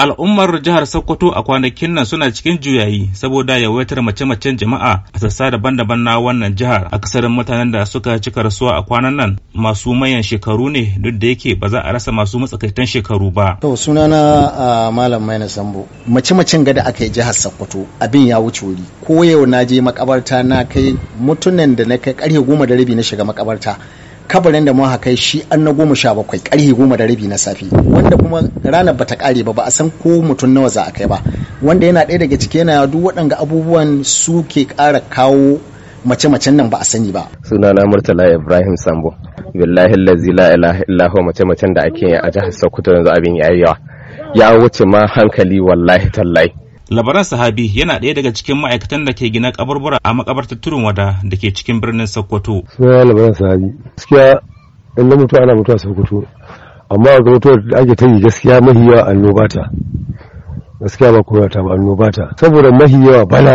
al'ummar jihar sokoto a kwanakin nan suna cikin juyayi saboda yawaitar mace-macen jama'a a sassa daban-daban na wannan jihar akasarin mutanen da suka cika rasuwa a kwanan nan masu mayan shekaru ne duk da yake ba za a rasa masu matsakaitan shekaru ba to sunana a malam maina sambo mace-macen gada aka yi jihar sokoto abin ya wuce wuri ko yau na je makabarta na kai mutunan da na kai karfe goma da rabi na shiga makabarta kabarin da mun kai shi an na goma sha bakwai karhe goma da rabi na safe wanda kuma ranar bata kare ba ba a san ko mutum nawa za a kai ba wanda yana ɗaya daga ciki yana duk waɗanga abubuwan su ke ƙara kawo mace-macen nan ba a sani ba. Sunana Murtala Ibrahim Sambo. Billahi lazi la ilaha illahu mace-macen da ake a jihar Sokoto yanzu abin yayi yawa. Ya wuce ma hankali wallahi tallahi. labaran sahabi yana ɗaya daga cikin ma'aikatan da ke gina kaburbura a makabartar turun wada da ke cikin birnin sokoto suna labaran sahabi gaskiya in na mutu ana mutuwa sokoto amma a mutuwar da ake ta yi gaskiya mahi yawa annoba ta gaskiya ba kowa ta ba annoba ta saboda mahi yawa bana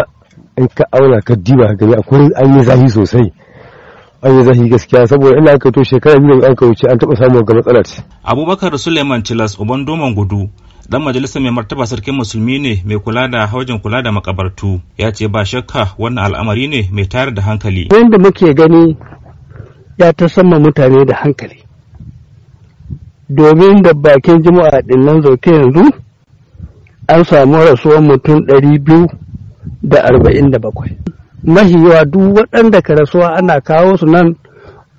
in ka auna ka diba gani akwai an yi zafi sosai an yi zahi gaskiya saboda ina aka to shekara ne aka wuce an taɓa samu ga matsala abubakar suleiman cilas uban doman gudu dan majalisar mai martaba sarkin musulmi ne mai kula da haujin kula da makabartu ya ce ba shakka wannan al'amari ne mai tayar da hankali da muke gani ya ta sama mutane da hankali domin da bakin jima'a nan zauke yanzu an samu rasuwar mutum ɗari biyu da arba'in da bakwai mahiyawa duk waɗanda ka rasuwa ana kawo su nan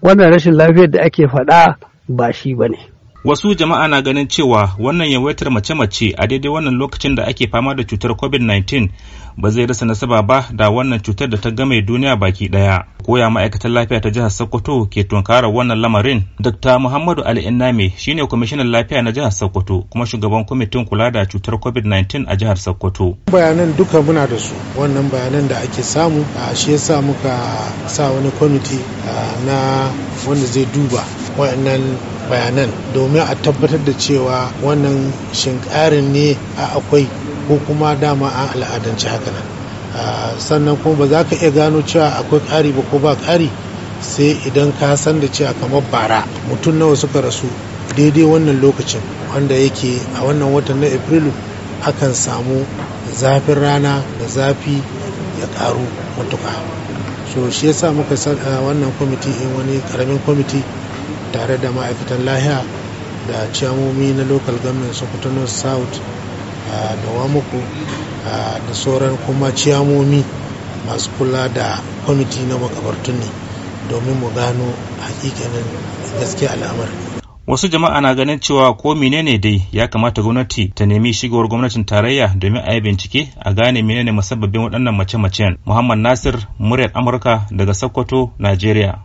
wannan rashin lafiyar da ake faɗa ba shi ba ne. wasu jama'a na ganin cewa wannan yawaitar mace-mace a daidai wannan lokacin da ake fama da cutar covid-19 ba zai rasa nasaba ba da wannan cutar da ta game duniya baki daya koya ma'aikatan lafiya ta jihar sokoto ke tunkarar wannan lamarin dr muhammadu ali shi shine kwamishinan lafiya na jihar sokoto kuma shugaban kwamitin kula da cutar covid-19 a jihar sokoto bayanan duka muna da su wannan bayanan da ake samu a shi yasa muka sa wani kwamiti na wanda zai duba wa'annan bayanan domin a tabbatar da cewa wannan shinkarin ne a akwai ko kuma dama an al'adance haka sannan kuma ba za ka iya gano cewa akwai ƙari ba ko ba ƙari sai idan ka san da cewa kamar bara mutum nawa suka rasu daidai wannan lokacin wanda yake a wannan watan na afrilu akan samu zafin rana da zafi ya karu matuka so shi yasa muka wannan kwamiti in wani karamin kwamiti tare da ma'aikatan lahiya da ciyamomi na local government sokoto north south da wamuku da sauran kuma ciyamomi masu kula da kwamiti na makabartun ne domin mu gano hakikanin gaske al'amari wasu jama'a na ganin cewa ko menene dai ya kamata gwamnati ta nemi shigowar gwamnatin tarayya domin a yi bincike a gane menene musabbabin waɗannan mace-macen muhammad nasir muryar amurka daga sokoto najeriya